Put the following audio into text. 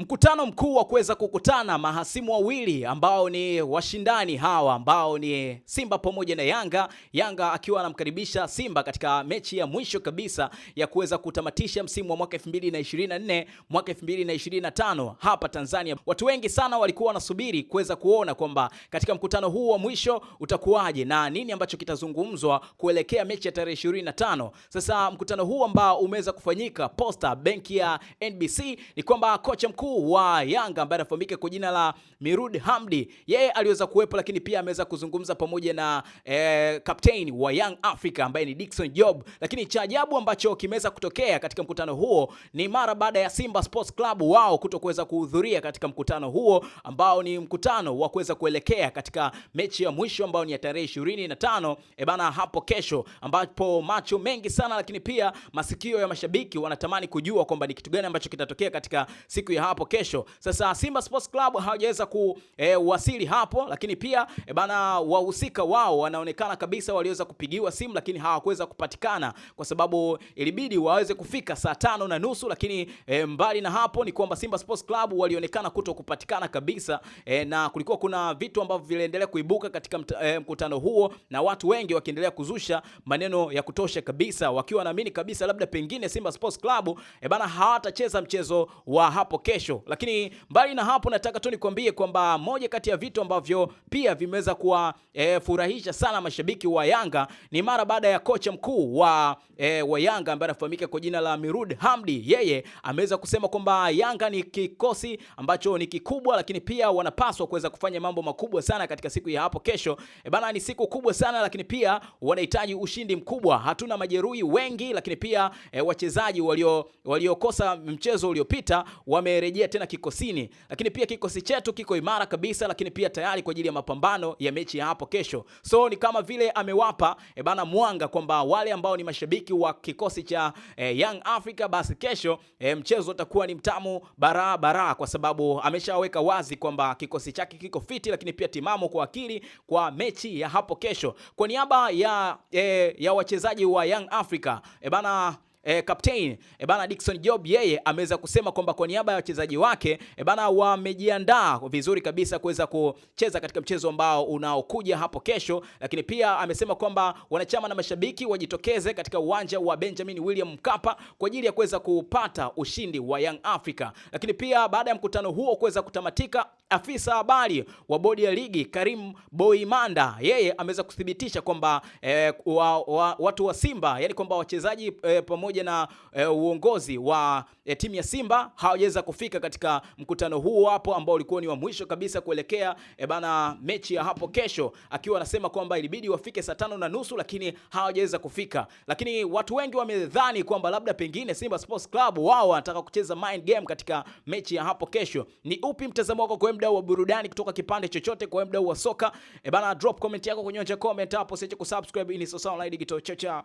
Mkutano mkuu wa kuweza kukutana mahasimu wawili ambao ni washindani hawa ambao ni Simba pamoja na Yanga, Yanga akiwa anamkaribisha Simba katika mechi ya mwisho kabisa ya kuweza kutamatisha msimu wa mwaka 2024 mwaka 2025 hapa Tanzania. Watu wengi sana walikuwa wanasubiri kuweza kuona kwamba katika mkutano huu wa mwisho utakuwaje na nini ambacho kitazungumzwa kuelekea mechi ya tarehe 25. Sasa mkutano huu ambao umeweza kufanyika Posta, benki ya NBC, ni kwamba kocha mkuu mkuu wa Yanga ambaye anafahamika kwa jina la Mirud Hamdi, yeye aliweza kuwepo, lakini pia ameweza kuzungumza pamoja na eh, captain wa Young Africa ambaye ni Dickson Job. Lakini cha ajabu ambacho kimeweza kutokea katika mkutano huo ni mara baada ya Simba Sports Club wao kutokuweza kuhudhuria katika mkutano huo ambao ni mkutano wa kuweza kuelekea katika mechi ya mwisho ambao ni ya tarehe 25 ebana eh, hapo kesho, ambapo macho mengi sana, lakini pia masikio ya mashabiki wanatamani kujua kwamba ni kitu gani ambacho kitatokea katika siku ya hapo hapo kesho. Sasa Simba Sports Club hawajaweza kuwasili eh, e, hapo, lakini pia e, bana wahusika wao wanaonekana kabisa waliweza kupigiwa simu, lakini hawakuweza kupatikana kwa sababu ilibidi waweze kufika saa tano na nusu, lakini e, mbali na hapo ni kwamba Simba Sports Club walionekana kuto kupatikana kabisa e, na kulikuwa kuna vitu ambavyo viliendelea kuibuka katika mta, e, mkutano huo na watu wengi wakiendelea kuzusha maneno ya kutosha kabisa, wakiwa wanaamini kabisa labda pengine Simba Sports Club e, bana hawatacheza mchezo wa hapo kesho kesho. Lakini mbali na hapo, nataka tu nikwambie kwamba moja kati ya vitu ambavyo pia vimeweza kuwafurahisha eh, e, sana mashabiki wa Yanga ni mara baada ya kocha mkuu wa, e, wa Yanga ambaye anafahamika kwa jina la Mirud Hamdi, yeye ameweza kusema kwamba Yanga ni kikosi ambacho ni kikubwa, lakini pia wanapaswa kuweza kufanya mambo makubwa sana katika siku ya hapo kesho. E, bana ni siku kubwa sana, lakini pia wanahitaji ushindi mkubwa. Hatuna majeruhi wengi, lakini pia e, wachezaji waliokosa walio mchezo uliopita wame amerejea tena kikosini, lakini pia kikosi chetu kiko imara kabisa, lakini pia tayari kwa ajili ya mapambano ya mechi ya hapo kesho. So ni kama vile amewapa e bana mwanga kwamba wale ambao ni mashabiki wa kikosi cha e, Young Africa basi kesho e, mchezo utakuwa ni mtamu bara bara, kwa sababu ameshaweka wazi kwamba kikosi chake kiko fiti, lakini pia timamu kwa akili kwa mechi ya hapo kesho. Kwa niaba ya, e, ya wachezaji wa Young Africa e bana e, captain e, bana Dickson Job yeye ameweza kusema kwamba kwa niaba ya wachezaji wake e, bana wamejiandaa vizuri kabisa kuweza kucheza katika mchezo ambao unaokuja hapo kesho, lakini pia amesema kwamba wanachama na mashabiki wajitokeze katika uwanja wa Benjamin William Mkapa kwa ajili ya kuweza kupata ushindi wa Young Africa. Lakini pia baada ya mkutano huo kuweza kutamatika, afisa habari wa bodi ya ligi Karim Boimanda yeye ameweza kuthibitisha kwamba e, wa, wa, watu wa Simba yani kwamba wachezaji e, pamoja pamoja na e, uongozi wa e, timu ya Simba hawajaweza kufika katika mkutano huu hapo ambao ulikuwa ni wa mwisho kabisa kuelekea e, bana mechi ya hapo kesho, akiwa anasema kwamba ilibidi wafike saa tano na nusu lakini hawajaweza kufika. Lakini watu wengi wamedhani kwamba labda pengine Simba Sports Club wao wanataka kucheza mind game katika mechi ya hapo kesho. Ni upi mtazamo wako kwa mdau wa burudani kutoka kipande chochote, kwa mdau wa soka? E, bana drop comment yako kwenye comment hapo, siache kusubscribe ili sasa online digital chacha